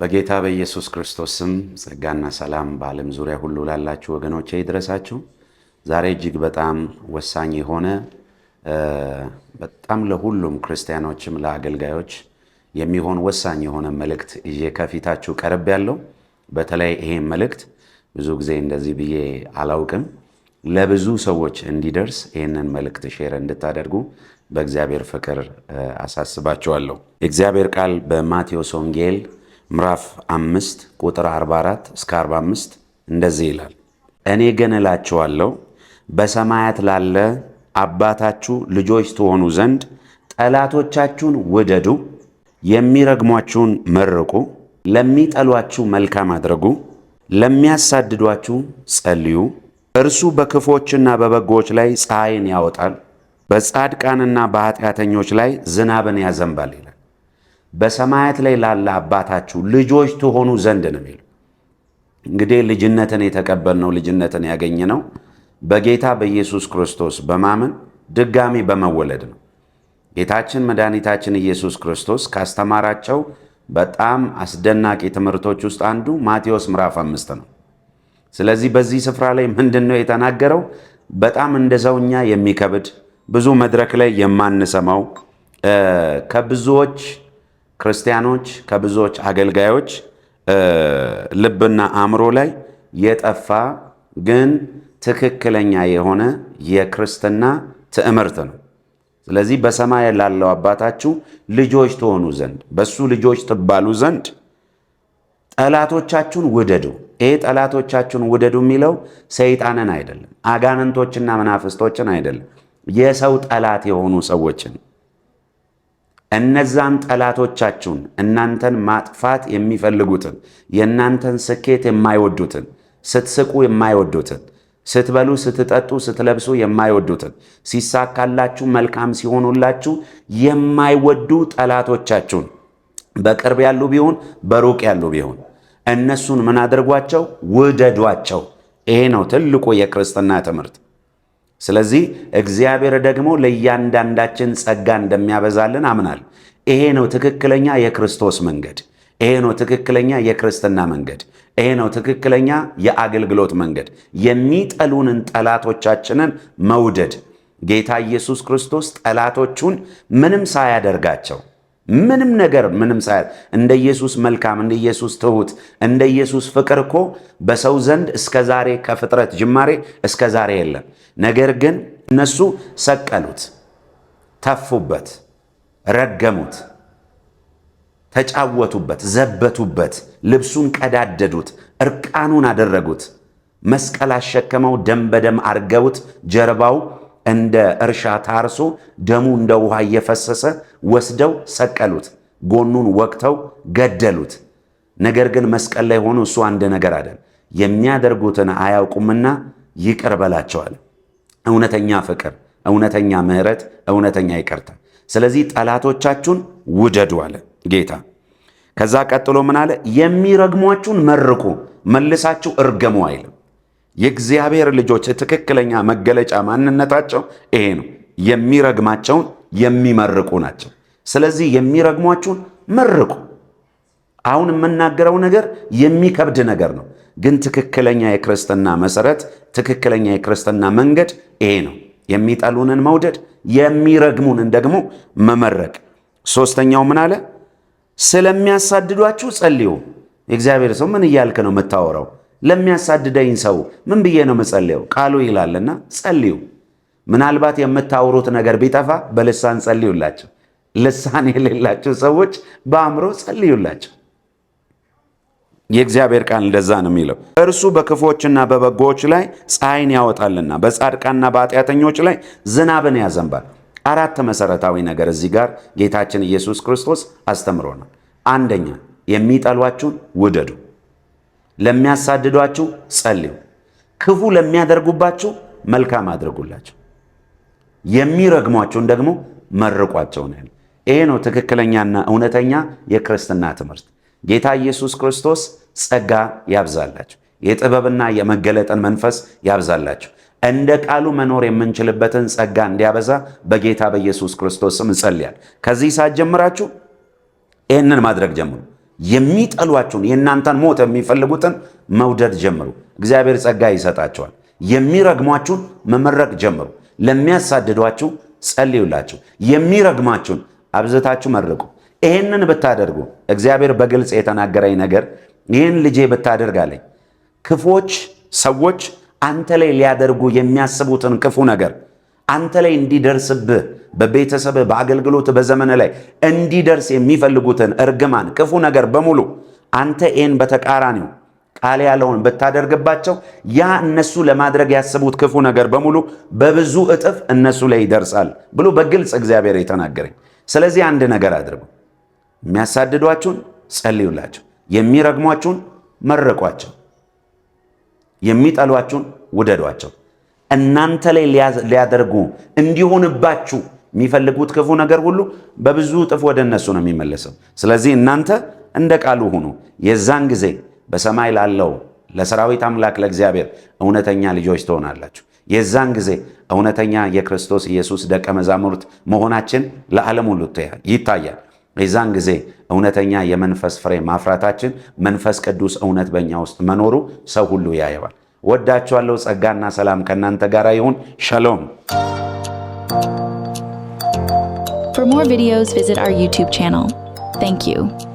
በጌታ በኢየሱስ ክርስቶስ ስም ጸጋና ሰላም በዓለም ዙሪያ ሁሉ ላላችሁ ወገኖቼ ይድረሳችሁ። ዛሬ እጅግ በጣም ወሳኝ የሆነ በጣም ለሁሉም ክርስቲያኖችም ለአገልጋዮች የሚሆን ወሳኝ የሆነ መልእክት ይዤ ከፊታችሁ ቀርብ ያለው። በተለይ ይሄ መልእክት ብዙ ጊዜ እንደዚህ ብዬ አላውቅም። ለብዙ ሰዎች እንዲደርስ ይህንን መልእክት ሼር እንድታደርጉ በእግዚአብሔር ፍቅር አሳስባችኋለሁ። የእግዚአብሔር ቃል በማቴዎስ ወንጌል ምዕራፍ 5 ቁጥር 44 እስከ 45 እንደዚህ ይላል፣ እኔ ግን እላችኋለሁ በሰማያት ላለ አባታችሁ ልጆች ትሆኑ ዘንድ ጠላቶቻችሁን ውደዱ፣ የሚረግሟችሁን መርቁ፣ ለሚጠሏችሁ መልካም አድርጉ፣ ለሚያሳድዷችሁ ጸልዩ። እርሱ በክፎችና በበጎዎች ላይ ፀሐይን ያወጣል፣ በጻድቃንና በኃጢአተኞች ላይ ዝናብን ያዘንባል። በሰማያት ላይ ላለ አባታችሁ ልጆች ትሆኑ ዘንድ ነው የሚሉ። እንግዲህ ልጅነትን የተቀበልነው ልጅነትን ያገኘነው በጌታ በኢየሱስ ክርስቶስ በማመን ድጋሚ በመወለድ ነው። ጌታችን መድኃኒታችን ኢየሱስ ክርስቶስ ካስተማራቸው በጣም አስደናቂ ትምህርቶች ውስጥ አንዱ ማቴዎስ ምዕራፍ አምስት ነው። ስለዚህ በዚህ ስፍራ ላይ ምንድን ነው የተናገረው? በጣም እንደ ሰውኛ የሚከብድ ብዙ መድረክ ላይ የማንሰማው ከብዙዎች ክርስቲያኖች ከብዙዎች አገልጋዮች ልብና አእምሮ ላይ የጠፋ ግን ትክክለኛ የሆነ የክርስትና ትምህርት ነው። ስለዚህ በሰማይ ላለው አባታችሁ ልጆች ትሆኑ ዘንድ በሱ ልጆች ትባሉ ዘንድ ጠላቶቻችሁን ውደዱ። ይሄ ጠላቶቻችሁን ውደዱ የሚለው ሰይጣንን አይደለም፣ አጋንንቶችና መናፍስቶችን አይደለም፣ የሰው ጠላት የሆኑ ሰዎችን እነዛን ጠላቶቻችሁን እናንተን ማጥፋት የሚፈልጉትን የእናንተን ስኬት የማይወዱትን ስትስቁ የማይወዱትን ስትበሉ፣ ስትጠጡ፣ ስትለብሱ የማይወዱትን ሲሳካላችሁ፣ መልካም ሲሆኑላችሁ የማይወዱ ጠላቶቻችሁን በቅርብ ያሉ ቢሆን በሩቅ ያሉ ቢሆን እነሱን ምን አድርጓቸው? ውደዷቸው። ይሄ ነው ትልቁ የክርስትና ትምህርት። ስለዚህ እግዚአብሔር ደግሞ ለእያንዳንዳችን ጸጋ እንደሚያበዛልን አምናል። ይሄ ነው ትክክለኛ የክርስቶስ መንገድ። ይሄ ነው ትክክለኛ የክርስትና መንገድ። ይሄ ነው ትክክለኛ የአገልግሎት መንገድ። የሚጠሉንን ጠላቶቻችንን መውደድ ጌታ ኢየሱስ ክርስቶስ ጠላቶቹን ምንም ሳያደርጋቸው ምንም ነገር ምንም ሳያት እንደ ኢየሱስ መልካም እንደ ኢየሱስ ትሑት እንደ ኢየሱስ ፍቅር እኮ በሰው ዘንድ እስከ ዛሬ ከፍጥረት ጅማሬ እስከ ዛሬ የለም። ነገር ግን እነሱ ሰቀሉት፣ ተፉበት፣ ረገሙት፣ ተጫወቱበት፣ ዘበቱበት፣ ልብሱን ቀዳደዱት፣ እርቃኑን አደረጉት፣ መስቀል አሸክመው ደም በደም አርገውት ጀርባው እንደ እርሻ ታርሶ ደሙ እንደ ውሃ እየፈሰሰ ወስደው ሰቀሉት፣ ጎኑን ወቅተው ገደሉት። ነገር ግን መስቀል ላይ ሆኖ እሱ አንድ ነገር አለ፣ የሚያደርጉትን አያውቁምና ይቅር በላቸዋል። እውነተኛ ፍቅር፣ እውነተኛ ምሕረት፣ እውነተኛ ይቅርታ። ስለዚህ ጠላቶቻችሁን ውደዱ አለ ጌታ። ከዛ ቀጥሎ ምን አለ? የሚረግሟችሁን መርቁ፣ መልሳችሁ እርገሙ አይልም። የእግዚአብሔር ልጆች ትክክለኛ መገለጫ ማንነታቸው ይሄ ነው። የሚረግማቸውን የሚመርቁ ናቸው። ስለዚህ የሚረግሟችሁን መርቁ። አሁን የምናገረው ነገር የሚከብድ ነገር ነው፣ ግን ትክክለኛ የክርስትና መሰረት፣ ትክክለኛ የክርስትና መንገድ ይሄ ነው። የሚጠሉንን መውደድ፣ የሚረግሙንን ደግሞ መመረቅ። ሶስተኛው ምን አለ? ስለሚያሳድዷችሁ ጸልዩ። የእግዚአብሔር ሰው ምን እያልክ ነው የምታወራው? ለሚያሳድደኝ ሰው ምን ብዬ ነው መጸልየው? ቃሉ ይላልና ጸልዩ። ምናልባት የምታውሩት ነገር ቢጠፋ በልሳን ጸልዩላቸው። ልሳን የሌላቸው ሰዎች በአእምሮ ጸልዩላቸው። የእግዚአብሔር ቃል እንደዛ ነው የሚለው። እርሱ በክፎችና በበጎዎች ላይ ፀሐይን ያወጣልና በጻድቃና በኃጢአተኞች ላይ ዝናብን ያዘንባል። አራት መሰረታዊ ነገር እዚህ ጋር ጌታችን ኢየሱስ ክርስቶስ አስተምሮናል። አንደኛ የሚጠሏችሁን ውደዱ። ለሚያሳድዷችሁ ጸልዩ፣ ክፉ ለሚያደርጉባችሁ መልካም አድርጉላቸው፣ የሚረግሟችሁን ደግሞ መርቋቸው ነው። ይሄ ነው ትክክለኛና እውነተኛ የክርስትና ትምህርት። ጌታ ኢየሱስ ክርስቶስ ጸጋ ያብዛላችሁ፣ የጥበብና የመገለጥን መንፈስ ያብዛላችሁ። እንደ ቃሉ መኖር የምንችልበትን ጸጋ እንዲያበዛ በጌታ በኢየሱስ ክርስቶስ ስም እጸልያለሁ። ከዚህ ሰዓት ጀምራችሁ ይህንን ማድረግ ጀምሩ። የሚጠሏቸውን የእናንተን ሞት የሚፈልጉትን መውደድ ጀምሩ። እግዚአብሔር ጸጋ ይሰጣቸዋል። የሚረግሟችሁን መመረቅ ጀምሩ። ለሚያሳድዷችሁ ጸልዩላችሁ። የሚረግማችሁን አብዝታችሁ መርቁ። ይህንን ብታደርጉ እግዚአብሔር በግልጽ የተናገረኝ ነገር ይህን ልጄ ብታደርግ አለኝ። ክፎች ሰዎች አንተ ላይ ሊያደርጉ የሚያስቡትን ክፉ ነገር አንተ ላይ እንዲደርስብህ በቤተሰብህ በአገልግሎት በዘመን ላይ እንዲደርስ የሚፈልጉትን እርግማን፣ ክፉ ነገር በሙሉ አንተ ይህን በተቃራኒው ቃል ያለውን ብታደርግባቸው ያ እነሱ ለማድረግ ያሰቡት ክፉ ነገር በሙሉ በብዙ እጥፍ እነሱ ላይ ይደርሳል ብሎ በግልጽ እግዚአብሔር የተናገረኝ። ስለዚህ አንድ ነገር አድርጉ። የሚያሳድዷችሁን ጸልዩላቸው፣ የሚረግሟችሁን መረቋቸው፣ የሚጠሏችሁን ውደዷቸው። እናንተ ላይ ሊያደርጉ እንዲሆንባችሁ የሚፈልጉት ክፉ ነገር ሁሉ በብዙ እጥፍ ወደ እነሱ ነው የሚመለሰው። ስለዚህ እናንተ እንደ ቃሉ ሁኑ። የዛን ጊዜ በሰማይ ላለው ለሰራዊት አምላክ ለእግዚአብሔር እውነተኛ ልጆች ትሆናላችሁ። የዛን ጊዜ እውነተኛ የክርስቶስ ኢየሱስ ደቀ መዛሙርት መሆናችን ለዓለም ሁሉ ይታያል። የዛን ጊዜ እውነተኛ የመንፈስ ፍሬ ማፍራታችን፣ መንፈስ ቅዱስ እውነት በእኛ ውስጥ መኖሩ ሰው ሁሉ ያየዋል። ወዳችኋለሁ። ጸጋና ሰላም ከእናንተ ጋር ይሁን። For more videos, visit our YouTube channel. Thank you.